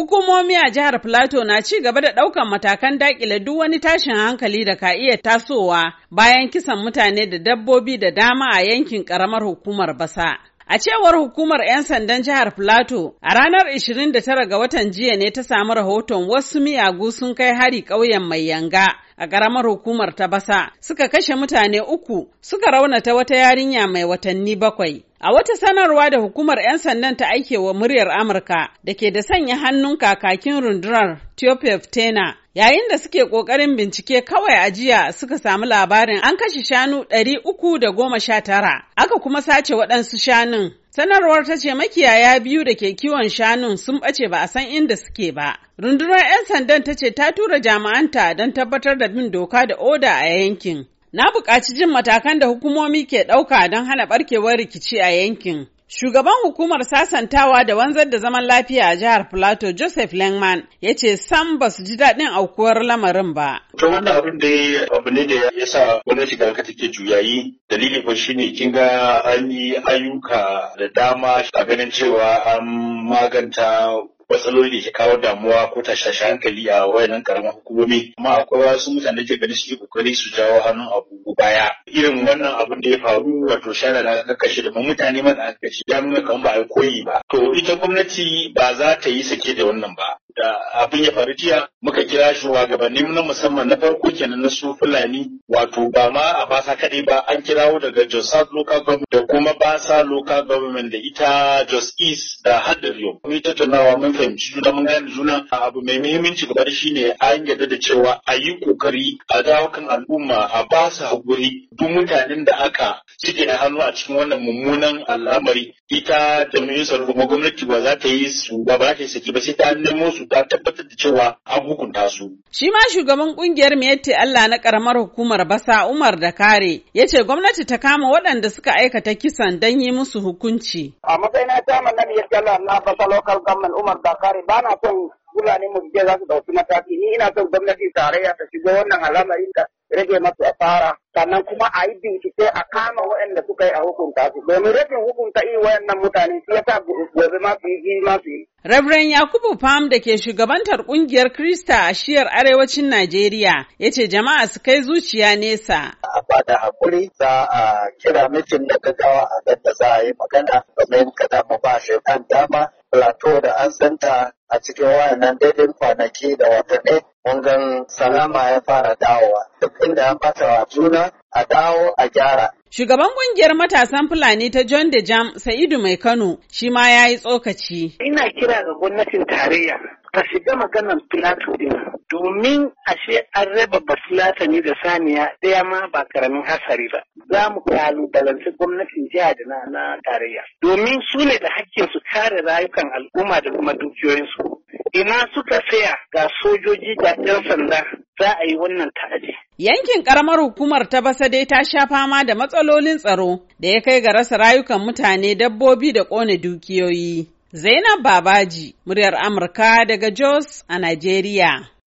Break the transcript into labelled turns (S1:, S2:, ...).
S1: Hukumomi a jihar Plateau na ci gaba da ɗaukan matakan dakile duk wani tashin hankali da ka iya tasowa bayan kisan mutane da dabbobi da dama a yankin ƙaramar hukumar Basa. A cewar hukumar 'yan sandan jihar Plateau, a ranar 29 ga watan jiya ne ta samu rahoton wasu miyagu sun kai hari ƙauyen mai yanga. a ƙaramar hukumar ta basa suka kashe mutane uku suka raunata wata yarinya mai watanni bakwai. A wata sanarwa da hukumar 'yan sandan ta aike wa muryar Amurka da ke da sanya hannun kakakin rundunar Theopef Tena yayin da suke ƙoƙarin bincike kawai a jiya suka samu labarin an kashe shanu 319 aka kuma sace waɗansu shanun Sanarwar ta ce makiyaya biyu da ke kiwon shanun sun ɓace ba a san inda suke ba. Rundunar 'yan sandan ta ce ta tura jami'anta don tabbatar da bin doka da oda a yankin. Na buƙaci jin matakan da hukumomi ke ɗauka don hana ɓarkewar rikici a yankin. Shugaban hukumar sasantawa da wanzar da zaman lafiya a jihar Filato Joseph Lengman ya ce sam ba su ji daɗin aukuwar lamarin ba.
S2: To wannan abin da abu ne da ya sa gwamnati shiga ka take juyayi dalili ko shine kin ga an yi ayyuka da dama a ganin cewa an maganta matsaloli da ke kawo damuwa ko tashashen hankali a wayannan karamar hukumomi amma akwai wasu mutane da ke gani suke kokari su jawo hannun abu baya irin wannan abin da ya faru wato shara da aka kashe da mutane ma aka kashe ya nuna kamar ba a koyi ba to ita gwamnati ba za ta yi sake da wannan ba da abin ya faru jiya muka kira gabanni na musamman na farko kenan na su Fulani wato ba ma a basa kaɗai ba an kirawo daga Jos Local Government da kuma basa Local Government da ita Jos East da Hadariyo. Mun tattaunawa mun fahimci juna mun gane juna abu mai muhimmanci gaba da shine an yarda da cewa a yi kokari a dawo kan al'umma a basa haƙuri duk mutanen da aka cike da hannu a cikin wannan mummunan al'amari ita da ministan kuma gwamnati ba za ta yi su ba ba ta yi saki ba sai ta nemo su a tabbatar da cewa an hukunta su.
S1: Shi ma shugaban kungiyar Miyatti Allah na karamar hukumar Basa Umar da Kare ya ce gwamnati ta kama waɗanda suka aikata kisan don yi musu hukunci.
S2: A na ta na ya Allah na Basa Local Government Umar da Kare ba na son Fulani je za su ɗauki mataki ni ina son gwamnati tarayya ta shigo wannan al'amarin da rage masu asara sannan kuma a yi bincike a kama waɗanda suka yi a hukunta su domin rashin hukunta yi waɗannan mutane su ya sa gobe masu yi masu yi
S1: Rabren Yakubu Fam da ke shugabantar kungiyar Krista a shiyar arewacin Najeriya ya ce jama'a su kai zuciya nesa.
S2: A bada hakuri za a kira mitin na gaggawa a da za a yi magana domin kada mu ba shi kan dama plateau da an santa a cikin wayannan daidai kwanaki da watanni mun gan salama ya fara dawowa duk inda ya bata wa juna a dawo a gyara
S1: Shugaban kungiyar matasan Fulani ta John de Jam Sa'idu Mai Kano shi ma ya yi tsokaci. Ina kira ga gwamnatin
S2: tarayya ta shiga maganan Filato din domin ashe an raba Basilata ne da saniya ɗaya ma ba karamin hasari ba. Za mu kalubalanci gwamnatin jiha da na tarayya domin su ne da hakkin su kare rayukan al'umma da kuma dukiyoyinsu. Ina suka tsaya ga sojoji da 'yan sanda za a yi wannan ta'aji.
S1: Yankin ƙaramar hukumar ta basa dai ta sha fama da matsalolin tsaro da ya kai ga rasa rayukan mutane dabbobi da ƙone dukiyoyi. Zainab Babaji, muryar Amurka daga Jos a Najeriya.